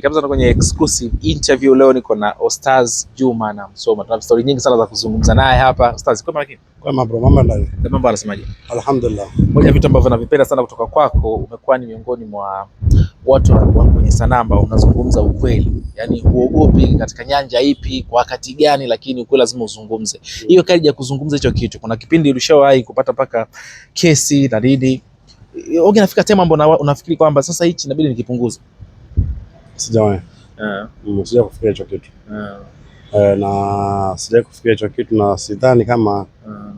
Kabisa na kwenye exclusive interview leo niko na Ostaz Juma na Msoma. Tuna story nyingi sana za kuzungumza naye hapa. Ostaz, kwa makini. Kwa mambo mama ndani. Mambo anasemaje? Alhamdulillah. Moja vitu ambavyo navipenda sana kutoka kwako, umekuwa ni miongoni mwa watu wa kwenye sanaa ambao unazungumza ukweli. Yaani huogopi katika nyanja ipi, kwa wakati gani, lakini ukweli lazima uzungumze. Mm. Hiyo kali ya kuzungumza hicho kitu. Kuna kipindi ulishowahi kupata paka kesi na nini? Ongea nafika tema ambapo unafikiri kwamba sasa hichi inabidi nikipunguze. Sijawahi. Yeah. Mm, sijawahi kufikiria hicho kitu. Yeah. E, na sijawahi kufikiria hicho kitu na sidhani kama yeah,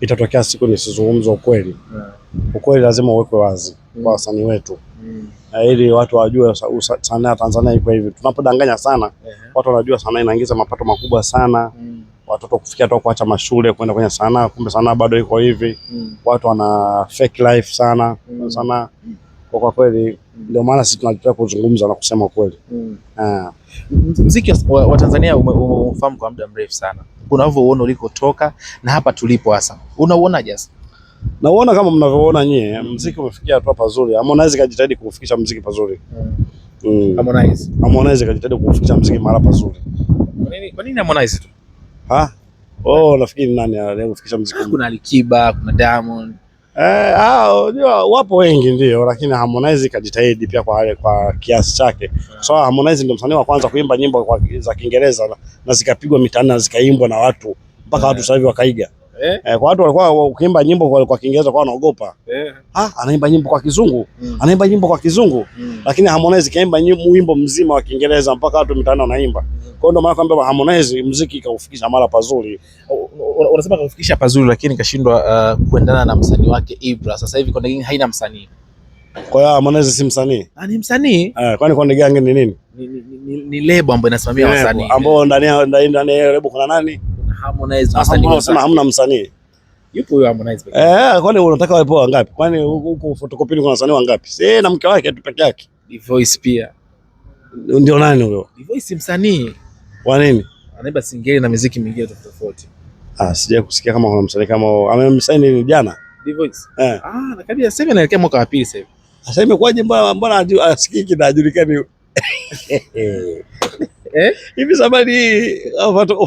itatokea siku nisizungumza ukweli. Yeah. Ukweli lazima uwekwe wazi mm, kwa wasanii wetu mm, e, ili watu wajue sanaa ya Tanzania iko hivi. Tunapodanganya sana yeah, uh-huh. watu wanajua sanaa inaingiza mapato makubwa sana mm watoto kufikia tu kuacha mashule kwenda kwenye sanaa, kumbe sanaa bado iko hivi mm. Watu wana fake life sana mm. sanaa mm kwa kwa kweli ndio maana sisi tunajitoa kuzungumza na kusema kweli. Mm. Ah. Muziki wa, wa Tanzania umemfahamu kwa muda mrefu sana. unavyoona ulikotoka na hapa tulipo hasa. Unauonaje hasa? Nauona kama mnavyoona nyie, muziki umefikia hatua pazuri. Harmonize kajitahidi kufikisha muziki pazuri. Mm. Mm. Harmonize. Harmonize kajitahidi kufikisha muziki mara pazuri. Kwa nini kwa nini Harmonize tu? Ha? Oh, nafikiri nani anafikisha muziki? Kuna Alikiba, kuna Diamond. Eh, ah, unajua wapo wengi ndio, lakini Harmonize kajitahidi pia kwa, kwa kiasi chake yeah. So Harmonize ndio msanii wa kwanza kuimba nyimbo kwa, za Kiingereza na, na zikapigwa mitaani na zikaimbwa na watu mpaka yeah. Watu sasa hivi wakaiga Eh? Eh, kwa watu walikuwa ukiimba nyimbo kwa, kwa Kiingereza kwa wanaogopa Eh. Ah, anaimba nyimbo kwa Kizungu mm. Anaimba nyimbo kwa Kizungu mm. Lakini Harmonize kaimba wimbo mzima wa Kiingereza mpaka watu mitaani wanaimba kwa hiyo maana kwamba Harmonize muziki kaufikisha mara pazuri. Unasema kaufikisha pazuri, lakini kashindwa uh, kuendana na msanii wake Ibra. Sasa hivi Konde Gang haina msanii. Kwa hiyo Harmonize si msanii? Ah, ni msanii. Eh, kwani Konde Gang ni nini? Ni, ni, ni, ni lebo ambayo inasimamia wasanii. Ambao ndani ndani ndani ya lebo kuna nani? Harmonize msanii. Ah, unasema hamna msanii. Yupo huyo Harmonize pekee. Eh, kwani unataka wapo wangapi? Kwani huko photocopy kuna wasanii wangapi? Si na mke wake tu peke yake. Voice pia. Ndio nani huyo? Voice msanii. Kwa nini? Anaimba singeli na muziki mingine tofauti tofauti. Ah, sija kusikia kama kuna msanii kama amemsaini jana. Eh. Ah, na kabisa sasa inaelekea mwaka wa pili sasa hivi. Sasa imekuwaje mbona mbona asikiki ah, na ajulikani? Eh? Hivi zamani hii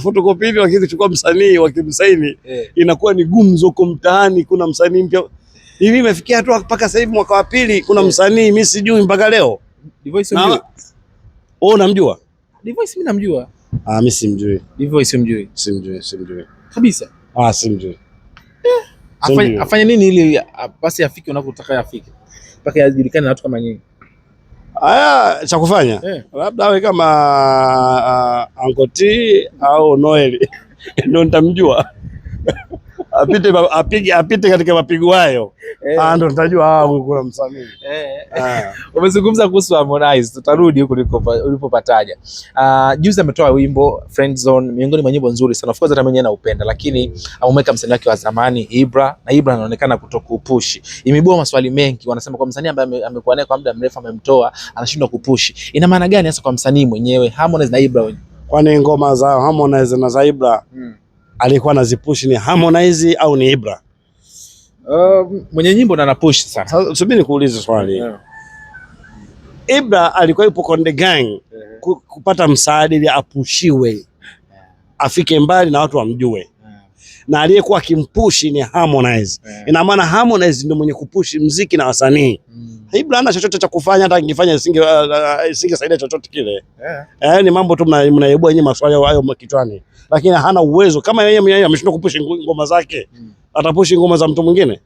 fotokopini ah, wakichukua msanii wakimsaini eh, inakuwa ni gumzo huko mtaani, kuna msanii mpya. Hivi imefikia hatua mpaka sasa hivi mwaka wa pili kuna eh. msanii mimi sijui mpaka leo. Divoice mimi. unamjua? namjua. Divoice mimi namjua. Ah, mimi simjui. Hivyo simjui. Simjui, simjui. Kabisa. Ah, simjui. Eh, afanye afanye nini ili basi afike unakotaka afike? Mpaka yajulikane na watu kama nyinyi. Aya, cha kufanya yeah. Labda awe kama uh, au Noeli ndio nitamjua apite apige apite katika mapigo hayo eh, ah, ndo tutajua huko kuna msanii eh. eh. Ah. Umezungumza kuhusu Harmonize, tutarudi huko ulipopataja. Uh, juzi ametoa wimbo Friend Zone, miongoni mwa nyimbo nzuri sana, of course hata mimi naupenda, lakini ameweka msanii wake wa zamani Ibra, na Ibra anaonekana kutokupushi. Imeibua maswali mengi, wanasema kwa msanii ambaye amekuwa naye kwa muda mrefu amemtoa, anashindwa kupush. Ina maana gani hasa kwa msanii mwenyewe Harmonize na Ibra wenyewe? Kwani ngoma za Harmonize na za Ibra hmm alikuwa anazipush ni Harmonize au ni Ibra? Um, mwenye nyimbo na anapush sana. Subiri nikuulize swali. Yeah. Ibra alikuwa yupo Konde Gang yeah, kupata msaada ili apushiwe afike mbali na watu wamjue na aliyekuwa akimpushi ni Harmonize. Yeah. Ina maana Harmonize ndio mwenye kupushi mziki na wasanii. Mm. Ibra ana chochote cha kufanya, hata angefanya isinge uh, uh, saidia chochote kile. Eh. eh, ni mambo tu mnaibua yenyewe maswali hayo kichwani, lakini hana uwezo kama yeye mwenyewe ameshindwa kupushi ngoma zake, Mm. atapushi ngoma za mtu mwingine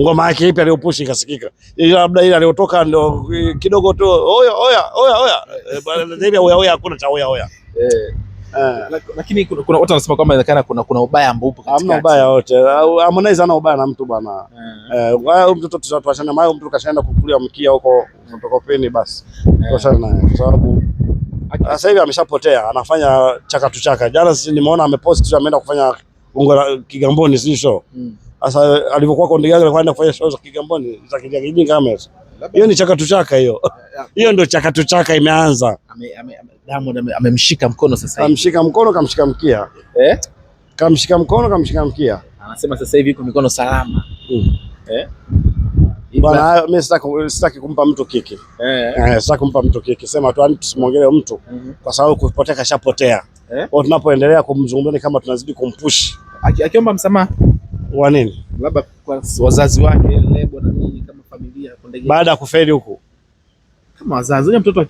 ngoma yake ipi aliyopushi ikasikika? Labda ile aliyotoka ndio eh, kidogo tu oya oya oya oya, eh, Bwana oya oya hakuna cha oya oya. Eh. Eh. Lakini kuna watu wanasema kwamba inawezekana kuna kuna ubaya ambao upo katikati. Hamna ubaya wote. Harmonize hana ubaya na mtu bwana. Eh, huyo eh, mtoto tutatuachana naye, mtu kashaenda kukulia mkia huko mtokopeni basi. Eh. Tuachane naye kwa sababu sasa hivi ameshapotea, anafanya chaka tu chaka. Jana sisi nimeona amepost tu ameenda kufanya ungo la Kigamboni si show. Mm. Sasa alivyokuwa kwa ndege yake alikuwa kufanya show za Kigamboni za kijinga kama hizo hiyo ni chaka tuchaka hiyo hiyo ndio chaka tuchaka imeanza. Diamond amemshika mkono sasa hivi, Amemshika mkono kamshika mkia eh? kamshika mkono kamshika mkia, anasema sasa hivi yuko mikono salama mm. eh? Bwana, mimi sitaki sitaki kumpa mtu kiki eh, eh, sitaki kumpa mtu kiki, sema tu tusimwongelee mtu mhm. kwa sababu kupotea kashapotea eh? tunapoendelea kumzungumzia kama tunazidi kumpush. akiomba msamaha wa nini, labda kwa wazazi wake lebo na nini, kama familia baada ya kufeli huku. Kama wazazi mtoto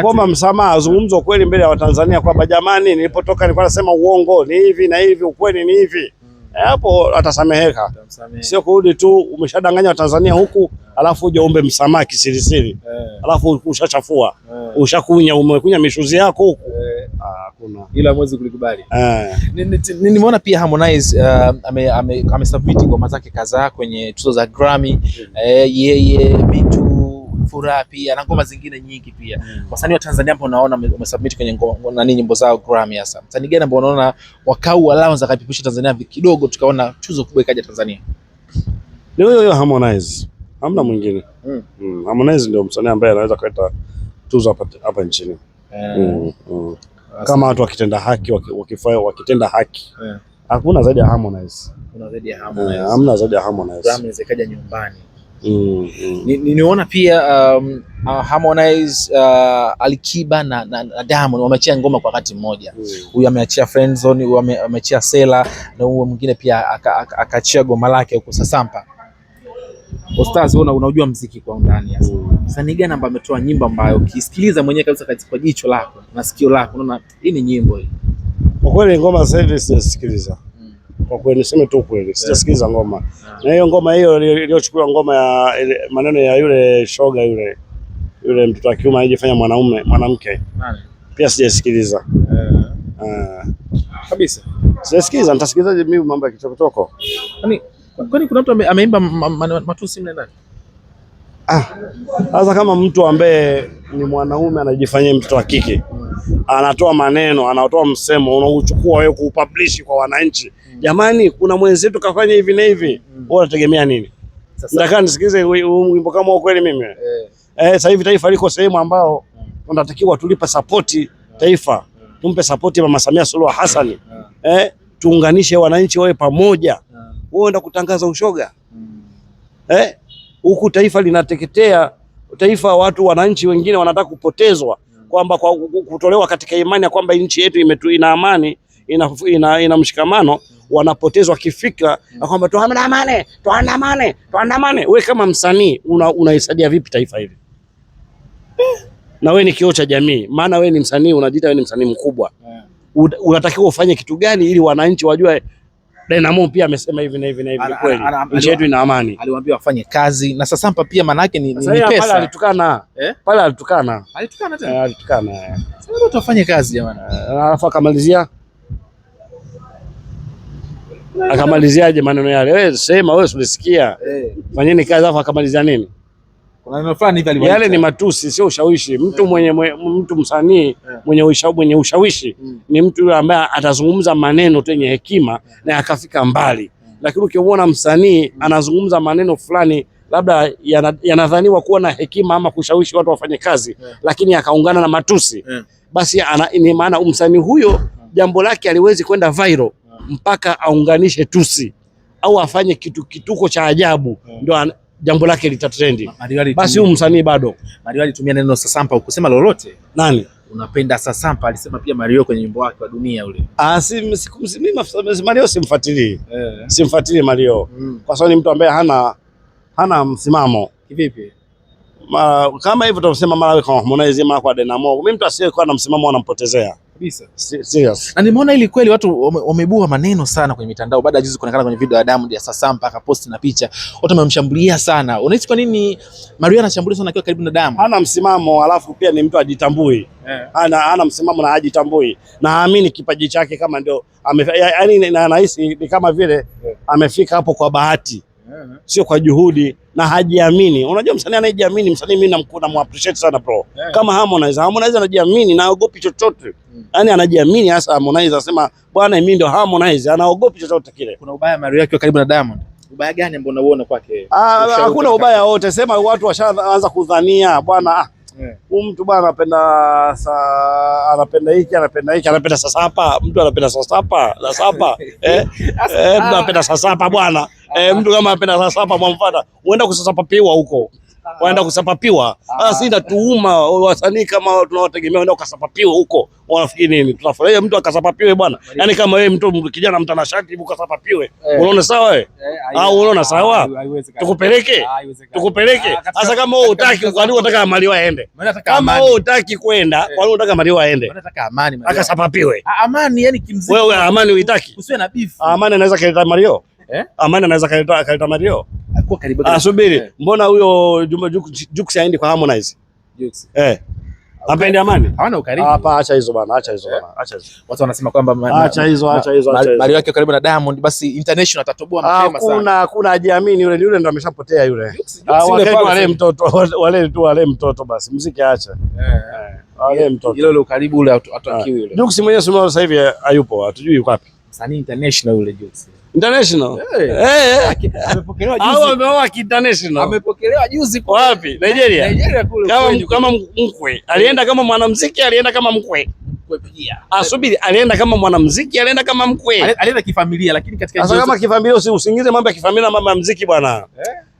kuomba msamaha azungumze ukweli mbele ya Watanzania kwamba jamani, nilipotoka nilikuwa nasema uongo, ni hivi na hivi, ukweli ni hivi hmm. Eh, hapo hmm. Atasameheka, sio kurudi tu umeshadanganya Watanzania huku hmm. alafu uje umbe msamaha kisirisiri, eh. alafu ushachafua, eh. ushakunya, umekunya mishuzi yako huku hakuna. ila mwezi kulikubali. Ah. Nimeona pia Harmonize uh, amesubmit ngoma zake kadhaa kwenye tuzo za Grammy, hmm. eh, yeye Mitu Furaha pia na ngoma zingine nyingi pia. Hmm. Wasanii wa Tanzania ambao unaona wamesubmit kwenye ngoma nani nyimbo zao Grammy, hasa msanii gani ambao unaona wakau za kuipipisha Tanzania kidogo, tukaona tuzo kubwa ikaja Tanzania? Ni huyo huyo Harmonize, hamna mwingine. Hmm. Harmonize ndio msanii ambaye anaweza kuleta tuzo hapa nchini. Eh kama watu wakitenda haki wakifanya wakitenda haki Hakuna zaidi ya Harmonize, kuna zaidi ya eh, Harmonize, hamna zaidi ya Harmonize. Harmonize kaja nyumbani. Mm, mm. pia um, uh, Harmonize uh, Alikiba na, na, na Diamond wameachia ngoma kwa wakati mmoja. Mm. Huyu ameachia friendzone, huyu ameachia Sela na huyu mwingine pia akaachia goma lake huko Sasampa. Ostaz una unajua mziki kwa undani sasa. Mm. Msanii gani ambaye ametoa nyimbo ambayo ukisikiliza mwenyewe kabisa kwa jicho lako na sikio lako unaona hii ni nyimbo hii. Kwa kweli ngoma sasa hivi sijasikiliza. Mm. Kwa kweli sema tu kweli eh. sijasikiliza ngoma. Ah. Na hiyo ngoma hiyo iliyochukua ngoma ya maneno ya yule shoga yule yule mtoto wa kiume alijifanya mwanaume mwanamke. Nani? Pia sijasikiliza. Eh. Ah. Kabisa. Sijasikiliza, nitasikilizaje mimi mambo ya kichokotoko? Yaani Kwani kuna mtu ameimba matusi mle ndani? Ah, sasa kama mtu ambaye ni mwanaume anajifanyia mtoto wa kike anatoa maneno anatoa msemo unauchukua wewe kuupublish kwa wananchi, hmm. jamani, kuna mwenzetu kafanya hivi na hivi, hmm. wewe unategemea nini? Nataka nisikize wimbo kama huo kweli mimi? Eh. eh, sasa hivi taifa liko sehemu ambao hmm. tunatakiwa tulipa sapoti taifa, tumpe sapoti Mama Samia Suluhu Hassan, eh, tuunganishe wananchi wawe pamoja uenda kutangaza ushoga mm. eh? Huku taifa linateketea, taifa watu, wananchi wengine wanataka kupotezwa mm. kwamba kwa kutolewa katika imani ya kwamba nchi yetu imetu, ina amani ina, ina, ina mshikamano mm. wanapotezwa kifikra mm. na kwamba tuandamane, tuandamane, tuandamane. We kama msanii unaisaidia una vipi taifa hivi? na we ni kioo cha jamii, maana we ni msanii, unajiita we ni msanii mkubwa yeah. Unatakiwa ufanye kitu gani ili wananchi wajue Dynamo pia amesema hivi na hivi na hivi, kweli nchi yetu ina amani, aliwaambia wafanye kazi na Sasampa pia, manake ni, ni pesa pale alitukana eh? pale alitukana alitukana tena eh, alitukana, eh. sasa tutafanye kazi jamani. Eh, alafu akamalizia akamaliziaje maneno yale, wewe sema wewe, ulisikia eh? fanyeni kazi, alafu akamalizia nini? yale ni matusi, sio ushawishi. Mtu eh. mwenye, mtu msanii eh. mwenye, ushawishi, mwenye hmm. ushawishi ni mtu yule ambaye atazungumza maneno tu yenye hekima eh. na akafika mbali hmm. Lakini ukiona msanii hmm. anazungumza maneno fulani labda yanadhaniwa kuwa na hekima ama kushawishi watu wafanye kazi yeah. lakini akaungana na matusi yeah. basi ana, ni maana msanii huyo jambo lake aliwezi kwenda viral yeah. mpaka aunganishe tusi au afanye kitu kituko cha ajabu yeah. ndio jambo lake litatrendi, basi huyu msanii bado. Mario alitumia neno sasampa, ukusema lolote. Nani unapenda sasampa? Alisema pia Mario kwenye wimbo wake wa dunia ule. Ah, si Mario simfuatilii, eh. simfuatilii Mario mm, kwa sababu ni mtu ambaye hana hana msimamo. Kivipi? kama hivyo tunasema mara kwa Harmonize mara kwa Dynamo, mimi mtu asiyekuwa na msimamo anampotezea kabisa serious. Na nimeona ili kweli watu wameibua maneno sana kwenye mitandao baada ya juzi kuonekana kwenye video ya Diamond ya mpaka post na picha, watu wamemshambulia sana. Unahisi kwa nini Mario anashambulia sana akiwa karibu na Diamond? Hana msimamo, alafu pia ni mtu ajitambui, yeah. Hana, hana msimamo na ajitambui Naamini kipaji chake, kama ndio yaani, na nahisi ni kama vile eh. amefika hapo kwa bahati yeah. sio kwa juhudi na hajiamini. Unajua msanii anayejiamini, msanii mimi namkuna mu appreciate sana bro, yeah. kama Harmonize. Harmonize anajiamini na aogopi chochote, mm. yaani anajiamini hasa. Harmonize anasema bwana, mimi ndio Harmonize, anaogopi chochote kile. Kuna ubaya Mario yake karibu na Diamond Ubaya gani ambao unaona kwake? Ah, ah hakuna ubaya wote, sema watu washaanza kudhania bwana huu ah, yeah, mtu bwana anapenda sa anapenda hiki anapenda hiki anapenda sasa hapa mtu anapenda sasa sasapa sasapa eh, eh, mtu ah. anapenda hapa bwana Eh, mtu kama anapenda sasapa mwamfata, uenda kusasapapiwa huko. Waenda kusapapiwa. Sasa ina tuuma wasanii kama tunawategemea waenda kusapapiwa huko. Wanafikiri nini? Tunafurahia mtu akasapapiwe bwana. Yaani kama wewe mtu kijana mtanashati hivi ukasapapiwe. Eh. Unaona sawa wewe? Eh, Au unaona sawa? Tukupeleke? Ah, Tukupeleke. Ah, Sasa kama wewe hutaki, kwani unataka mali waende? Kama wewe hutaki kwenda, eh. kwani unataka mali waende? Unataka amani Akasapapiwe. Ah, amani yani kimsingi. Wewe amani huitaki? Usiwe na beef. Amani anaweza kuleta yao eh? Amani anaweza kaleta kaleta Mario alikuwa karibu. Ah, subiri eh. Mbona huyo Juma Jux haendi kwa Harmonize? Jux eh Apende Amani? Hawana ukaribu. Hapa acha hizo bana, acha hizo bana, acha hizo. Watu wanasema kwamba acha hizo, acha hizo, acha hizo. Mario yake karibu na Diamond basi international atatoboa mapema sana. Hakuna hakuna ajiamini yule yule ndo ameshapotea yule. Wakae ah, wale mtoto, wale tu wale mtoto basi. muziki acha. Eh. eh. Wale mtoto. Ile ile ukaribu ule atakiwi ah. yule. Jux mwenyewe sasa hivi hayupo, hatujui yuko wapi. Msanii international yule Jux. International? eh, eh. amepokelewa juzi Au ameoa international? Amepokelewa juzi kwa wapi? Nigeria. Nigeria kule. Kama mkwe, kama mkwe. Alienda kama mwanamuziki, alienda kama mkwe. Mkwe pia. Ah, alienda kama mwanamuziki, alienda kama mkwe. Alienda kifamilia lakini katika Sasa kama kifamilia usiingize mambo ya kifamilia na mambo ya muziki bwana. Leo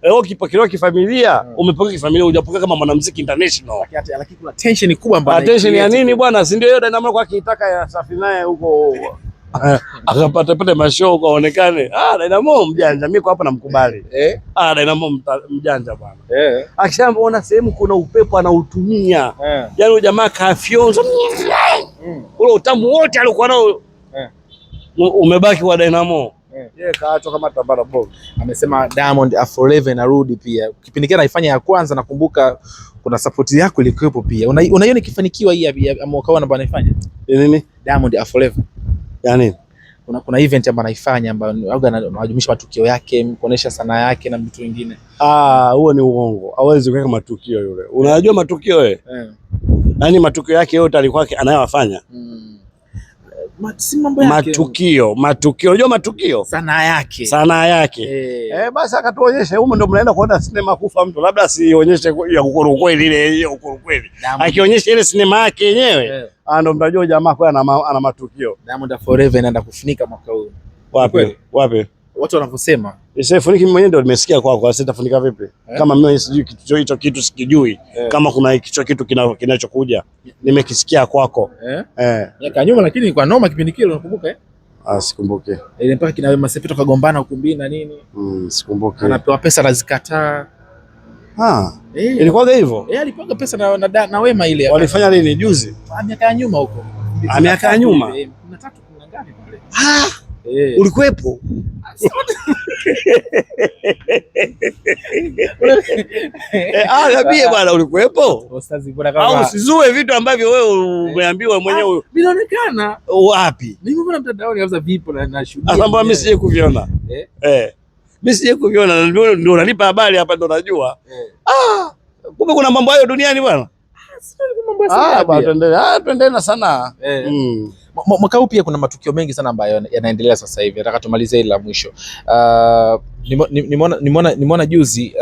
eh? eh, ukipokelewa kifamilia, hmm. umepokea kifamilia, hujapokea kama mwanamuziki international. Lakini kuna tension kubwa mbaya. Ah, tension ya nini bwana? Si ndio hiyo dynamic kwa kitaka ya safi naye huko. akapata pale mashow kaonekane. Ah, Dynamo mjanja, mimi kwa hapa namkubali eh. Ah, Dynamo mjanja bwana eh, akishaona sehemu kuna upepo anautumia eh. Yani jamaa kafyonza mm. ule utamu wote alikuwa nao eh. umebaki wa Dynamo eh. Yeah, kaachwa kama tambara bovu. Amesema Diamond a Afro anarudi pia, kipindi kile anaifanya ya kwanza nakumbuka kuna support yako ilikuwepo pia, unaiona una ikifanikiwa hii ya mwaka huu anaifanya nini Diamond a forever ya nini? Kuna, kuna event ambayo anaifanya ambayo labda anajumlisha matukio yake, kuonesha sanaa yake na vitu vingine. Ah, huo ni uongo, hawezi kuweka matukio yule. Unajua yeah. matukio wewe? Eh. Yaani matukio yake yote alikuwa anayowafanya mm. Matukio, matukio, unajua matukio, sanaa yake, sanaa yake e. E, basi akatuonyesha huko, ndio mnaenda kuona sinema kufa mtu, labda asionyeshe ya kukuru kweli, ile ya kukuru kweli, akionyesha ile sinema yake yenyewe yeah. Ah, ndio mtajua jamaa kwa ana matukio. Diamond Forever inaenda kufunika mwaka huu. Wapi? Wapi? Watu wanavyosema. Isifuniki mimi mwenyewe ndio nimesikia kwako, kwa sasa tafunika vipi? Eh? Kama mimi sijui kitu hicho kitu sikijui. Eh. Kama kuna hicho kitu kinachokuja nimekisikia kwako. Eh? Eh. Miaka nyuma lakini kwa noma kipindi kile unakumbuka eh? Ah, sikumbuke. Eh, Ile mpaka kina Wema Sepetu kagombana ukumbini na nini? Mm, sikumbuke. Anapewa pesa anazikataa. Ah. Eh, ilikuwaga hivyo. Eh, alipanga pesa na, na, na Wema ile. Walifanya nini juzi? Ah, miaka ya nyuma huko. Ah, miaka ya nyuma. Kuna tatu kuna ngapi pale? Ah. Eh. Ulikuwepo? Ah, niambie bwana, ulikuwepo au usizue vitu ambavyo wewe umeambiwa mwenyewe. Vinaonekana wapi? Mimi mbona mtandaoni kabisa vipo na nashuhudia. Mimi sije kuviona. Eh. Eh mimi sije kuviona, ndio unanipa habari hapa, ndio najua. Eh. Ah, kumbe kuna mambo hayo duniani bwana. Ah, ah, ah, tuendelee na Mm. Mwaka huu pia kuna matukio mengi sana ambayo yanaendelea sasa hivi. Nataka tumalize ile la mwisho. Nimeona juzi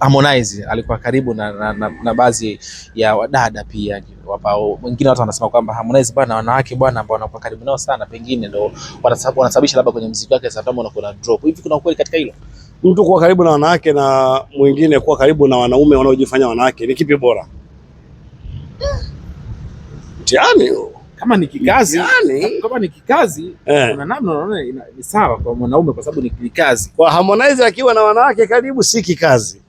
Harmonize alikuwa karibu na, na, na, na baadhi ya wadada pia ambao wengine watu wanasema kwamba Harmonize bwana, wanawake bwana ambao wanakuwa karibu nao sana, pengine ndio wanasababisha labda kwenye muziki wake na drop hivi. Kuna ukweli katika hilo? Mtu kuwa karibu na wanawake na mwingine kuwa karibu na wanaume wanaojifanya wanawake, ni kipi bora? Mtihani kama ni kikazi, kama ni kikazi eh, kuna namna unaona ni sawa kwa mwanaume, kwa sababu ni kikazi. Kwa Harmonize akiwa na wanawake karibu, si kikazi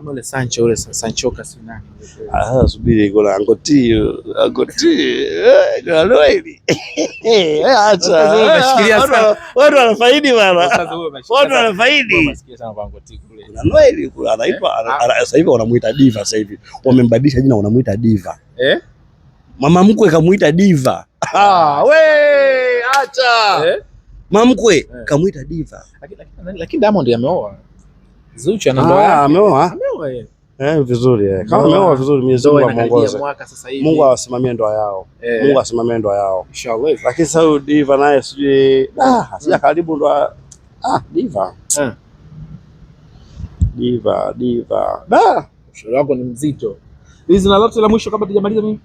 kama ule Sancho ule Sancho kasi nani? Ah, subiri kuna Angoti, Angoti. Kuna eh, Noeli. Eh, acha. Unashikilia sana. Watu wanafaidi bana. Watu wanafaidi. Kuna Noeli kule anaipa eh, ah. sasa hivi wanamuita Diva sasa hivi. Wamembadilisha jina wanamuita Diva. Eh? Mama mkwe kamuita Diva. Ah, we, acha. Eh? Mama mkwe eh. kamuita Diva. Lakini lakini Diamond yameoa. Zuchu ana ndoa ah, yake. Ameoa? Ameoa yeye. Eh, vizuri eh. Kama ameoa vizuri Mwenyezi Mungu amuongoze. Mungu awasimamie ndoa yao. Eh. Mungu asimamie ndoa yao. Inshallah. Lakini sasa Diva naye sijui ah, sija hmm. karibu ndoa ah, Diva. Eh. Diva, Diva. Da. Ushauri wako ni mzito. Hizi na lote la mwisho kabla tujamaliza mimi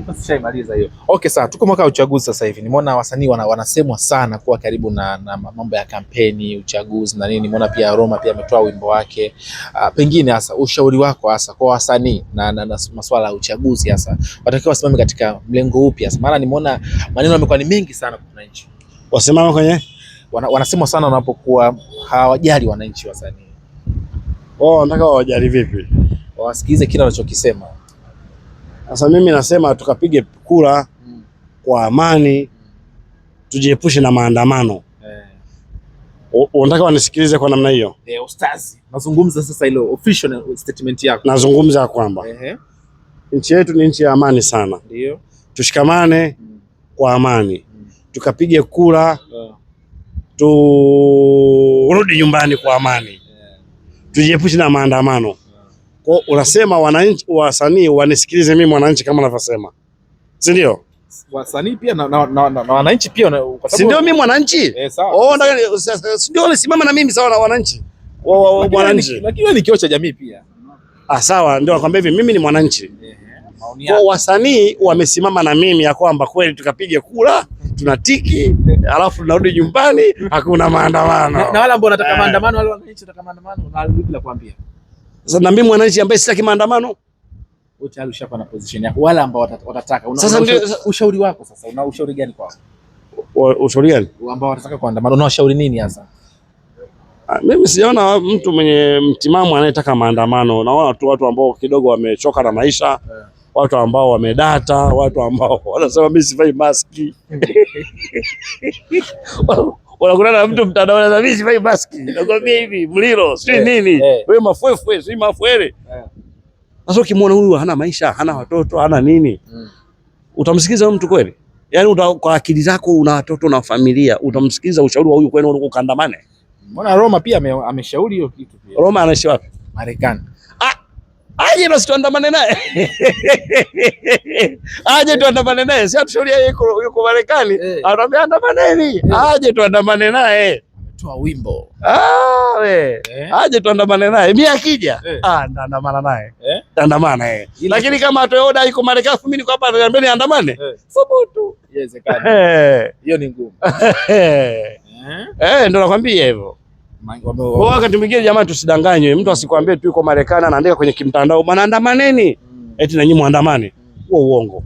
tushaimaliza hiyo. Okay, sawa. Tuko mwaka wa uchaguzi sasa hivi, nimeona wasanii wana, wanasemwa sana kuwa karibu na, na mambo ya kampeni uchaguzi na nini. Nimeona pia Roma pia ametoa wimbo wake. Uh, pengine hasa ushauri wako hasa kwa wasanii na, na, na masuala ya uchaguzi hasa watakiwa wasimame katika mlengo upi hasa, maana nimeona maneno yamekuwa ni mengi sana kwa wananchi. Wasimame kwenye wana, wanasemwa sana wanapokuwa hawajali wananchi wasanii. Oh, nataka wajali vipi? Wasikize kila wanachokisema sasa mimi nasema tukapige kura mm. kwa amani mm. tujiepushe na maandamano eh. Unataka wanisikilize kwa namna hiyo eh, ustazi. Nazungumza sasa ile official statement yako. Nazungumza kwamba nchi yetu ni nchi ya amani sana. Ndio. Tushikamane mm. kwa amani tukapige kura turudi nyumbani kwa amani yeah. tujiepushe na maandamano kwa unasema wananchi, wasanii wanisikilize mimi mwananchi kama navyosema, si ndio? Wasanii pia na, na, na, na na wananchi pia kwa sababu si ndio mimi mwananchi eh, sawa oh, si ndio unasimama na mimi sawa na wananchi wa mwananchi, lakini wewe ni kiocha jamii pia. Ah, sawa, ndio nakwambia hivi, mimi ni mwananchi kwa wasanii wamesimama na mimi ya kwamba kweli tukapiga kura tunatiki, alafu tunarudi nyumbani, hakuna maandamano na, na wala ambao wanataka eh. maandamano wale wananchi wanataka maandamano na la kuambia na mimi mwananchi ambaye sitaki maandamano ushauri wako sasa, una ushauri gani kwao? Ushauri gani ambao watataka kuandamana, ushauri nini hasa? Ah, mimi sijaona mtu mwenye mtimamu anayetaka maandamano. Naona tu watu ambao kidogo wamechoka na maisha yeah. Watu ambao wamedata, watu ambao wanasema mimi sivai maski wanakutana na mtu mtandaoni, na mimi sivai maski, nakwambia hivi mlilo si eh, nini eh. wewe, mafwefwe si mafwele. Eh. Sasa ukimwona huyu hana maisha, hana watoto, hana nini, hmm. utamsikiza mtu kweli? yani uta, kwa akili zako una watoto na familia, utamsikiza ushauri wa huyu kwenu ukandamane? Mbona Roma pia ameshauri hiyo kitu pia. Roma anaishi wapi? Marekani aje basi tuandamane naye aje tuandamane naye, si atushuhudia yuko yuko Marekani hey. Eh. Anaambia andamaneni hey. Eh. Aje tuandamane naye toa wimbo ah, we hey. Eh. Aje tuandamane naye, mimi akija hey. Ah, ndaandamana naye hey. Andamana yeye Lakini kama atoyoda yuko Marekani, mimi niko hapa ananiambia niandamane hey. Thubutu, hiyo hey. Ni ngumu eh hey. Hey, ndo nakwambia hivyo kwa wakati mwingine jamani, tusidanganywe, mtu asikwambie tu yuko Marekani anaandika kwenye kimtandao, bwana andamaneni, hmm. eti na nyinyi muandamane. Huo uongo.